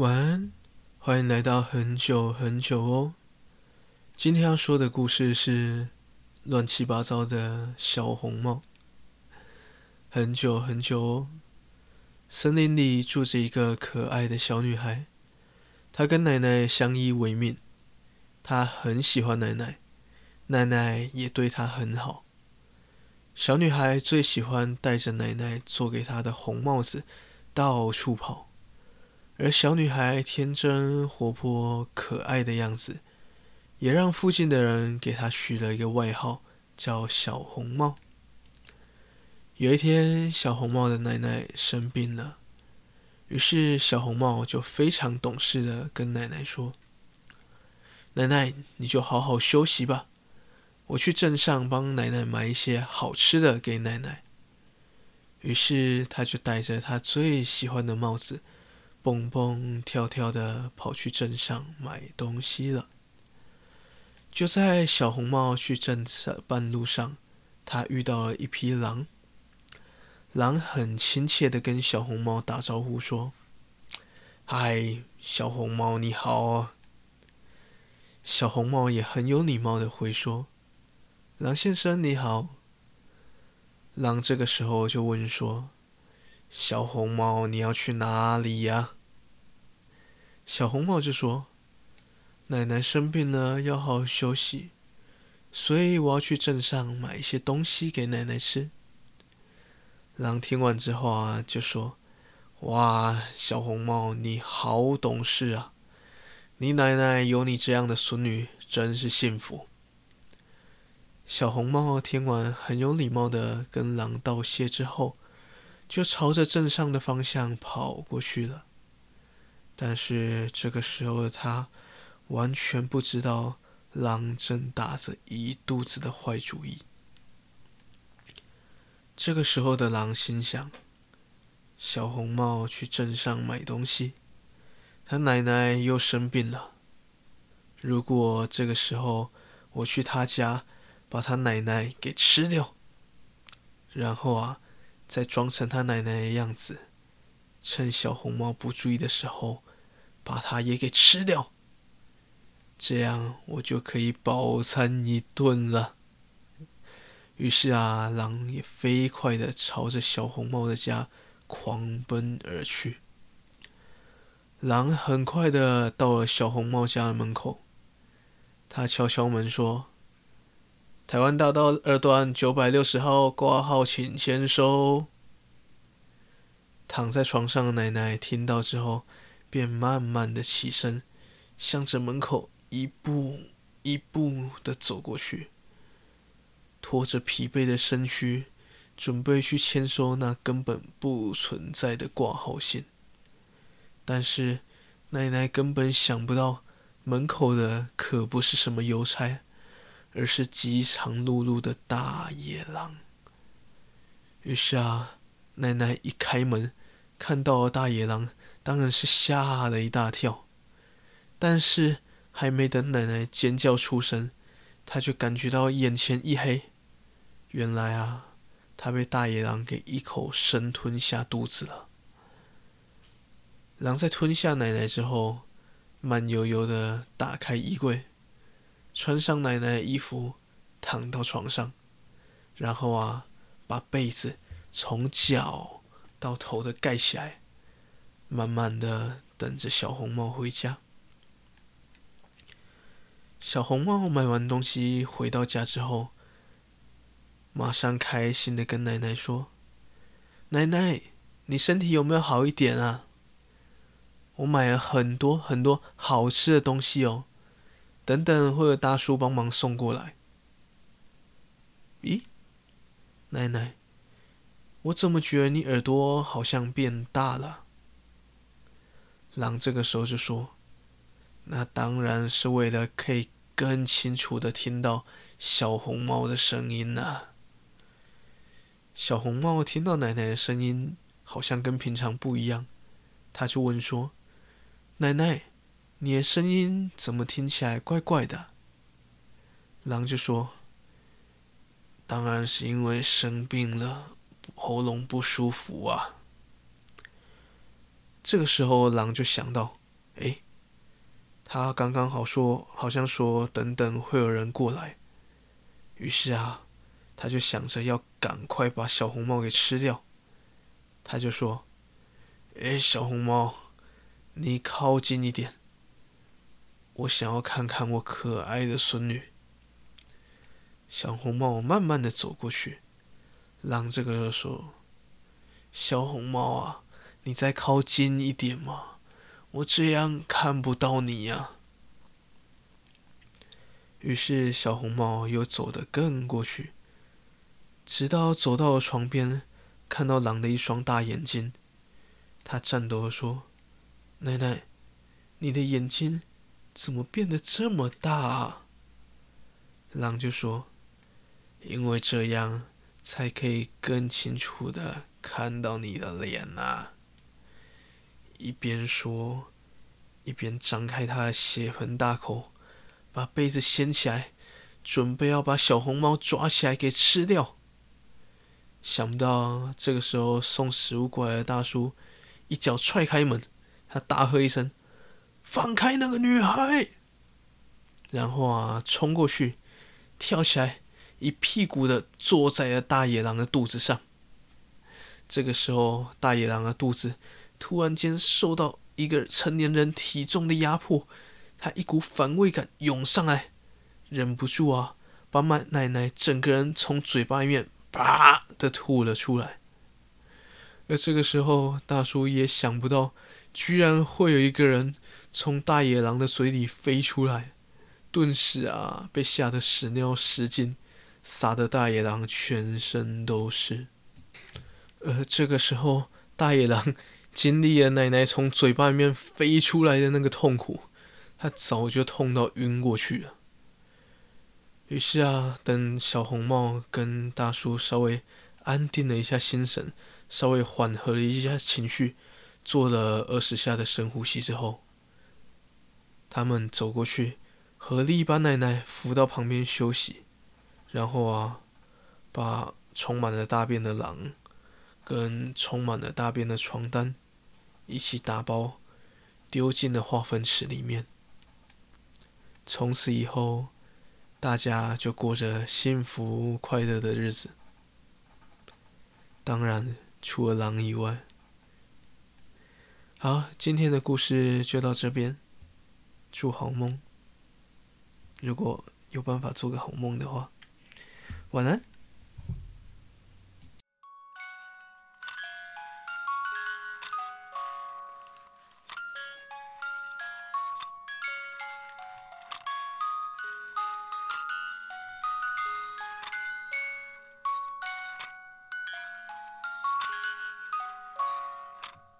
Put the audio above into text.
晚安，歡迎來到很久很久哦。今天要說的故事是亂七八糟的小紅帽。很久很久哦，森林裡住着一個可愛的小女孩，她跟奶奶相依為命，她很喜歡奶奶，奶奶也對她很好。小女孩最喜歡戴着奶奶做給她的紅帽子到處跑。而小女孩天真活潑、可愛的樣子，也讓附近的人給她取了一個外號，叫“小紅帽”。有一天，小紅帽的奶奶生病了，於是小紅帽就非常懂事地跟奶奶說：“奶奶，你就好好休息吧，我去鎮上幫奶奶買一些好吃的給奶奶。”於是，她就戴着她最喜歡的帽子。蹦蹦跳跳的跑去鎮上買東西了。就在小紅帽去鎮上的半路上，他遇到了一匹狼。狼很親切的跟小紅帽打招呼說：“嗨，小紅帽，你好。”小紅帽也很有禮貌的回說：“狼先生，你好。”狼這個時候就問說。小紅帽，你要去哪裡呀？小紅帽就說：“奶奶生病了，要好好休息，所以我要去鎮上買一些東西給奶奶吃。”狼聽完之後啊，就說：“哇，小紅帽，你好懂事啊！你奶奶有你這樣的孫女，真是幸福。”小紅帽聽完，很有禮貌的跟狼道謝之後。就朝着鎮上的方向跑過去了，但是這個時候的他完全不知道狼正打着一肚子的壞主意。這個時候的狼心想：小紅帽去鎮上買東西，他奶奶又生病了。如果這個時候我去他家，把他奶奶給吃掉，然後啊。再裝成他奶奶的樣子，趁小紅帽不注意的時候，把他也給吃掉。這樣我就可以飽餐一頓了。於是啊，狼也飛快的朝着小紅帽的家狂奔而去。狼很快的到了小紅帽家的門口，他敲敲門說。台灣大道二段九百六十號掛號請簽收。躺在床上的奶奶聽到之後，便慢慢的起身，向着門口一步一步的走過去，拖着疲憊的身軀，準備去簽收那根本不存在的掛號信。但是奶奶根本想不到，門口的可不是什麼郵差。而是飢腸轆轆的大野狼。於是啊，奶奶一開門，看到了大野狼，當然是嚇了一大跳。但是還沒等奶奶尖叫出聲，她就感覺到眼前一黑。原來啊，她被大野狼給一口生吞下肚子了。狼在吞下奶奶之後，慢悠悠的打開衣櫃。穿上奶奶的衣服，躺到床上，然後啊，把被子從腳到頭的蓋起來，慢慢的等着小紅帽回家。小紅帽買完東西回到家之後，馬上開心的跟奶奶說：“奶奶，你身體有沒有好一點啊？我買了很多很多好吃的東西哦。”等等，會有大叔幫忙送過來。咦，奶奶，我怎麼覺得你耳朵好像變大了？狼這個時候就說：“那當然是為了可以更清楚的聽到小紅帽的聲音呢、啊。”小紅帽聽到奶奶的聲音好像跟平常不一樣，他就問說：“奶奶。”你的聲音怎麼聽起來怪怪的？狼就說：“當然是因為生病了，喉嚨不舒服啊。”這個時候，狼就想到：“哎，他剛剛好說，好像說等等會有人過來。”於是啊，他就想着要趕快把小紅帽給吃掉。他就說：“哎，小紅帽，你靠近一點。”我想要看看我可愛的孫女。小紅帽，慢慢的走過去。狼這個人說：“小紅帽啊，你再靠近一點嘛，我這樣看不到你呀、啊。”於是小紅帽又走得更過去，直到走到了床邊，看到狼的一雙大眼睛，他顫抖的說：“奶奶，你的眼睛。”怎麼變得這麼大啊？狼就說：“因為這樣才可以更清楚的看到你的臉吶、啊。”一邊說，一邊張開他的血盆大口，把被子掀起來，準備要把小紅帽抓起來給吃掉。想不到這個時候送食物過來的大叔一腳踹開門，他大喝一聲。放開那個女孩，然後啊，衝過去，跳起來，一屁股的坐在了大野狼的肚子上。這個時候，大野狼的肚子突然間受到一個成年人體重的壓迫，他一股反胃感湧上來，忍不住啊，把奶奶整個人從嘴巴裡面啪的吐了出來。而這個時候，大叔也想不到。居然會有一個人從大野狼的嘴裡飛出來，頓時啊，被嚇得屎尿失禁，撒的大野狼全身都是。而這個時候，大野狼經歷了奶奶從嘴巴裡面飛出來的那個痛苦，他早就痛到暈過去了。於是啊，等小紅帽跟大叔稍微安定了一下心神，稍微緩和了一下情緒。做了二十下的深呼吸之後，他們走過去，合力把奶奶扶到旁邊休息，然後啊，把充滿了大便的狼跟充滿了大便的床單一起打包，丟進了化糞池裡面。從此以後，大家就過着幸福快樂的日子。當然，除了狼以外。好，今天的故事就到這邊。祝好夢。如果有辦法做個好夢的話，晚安。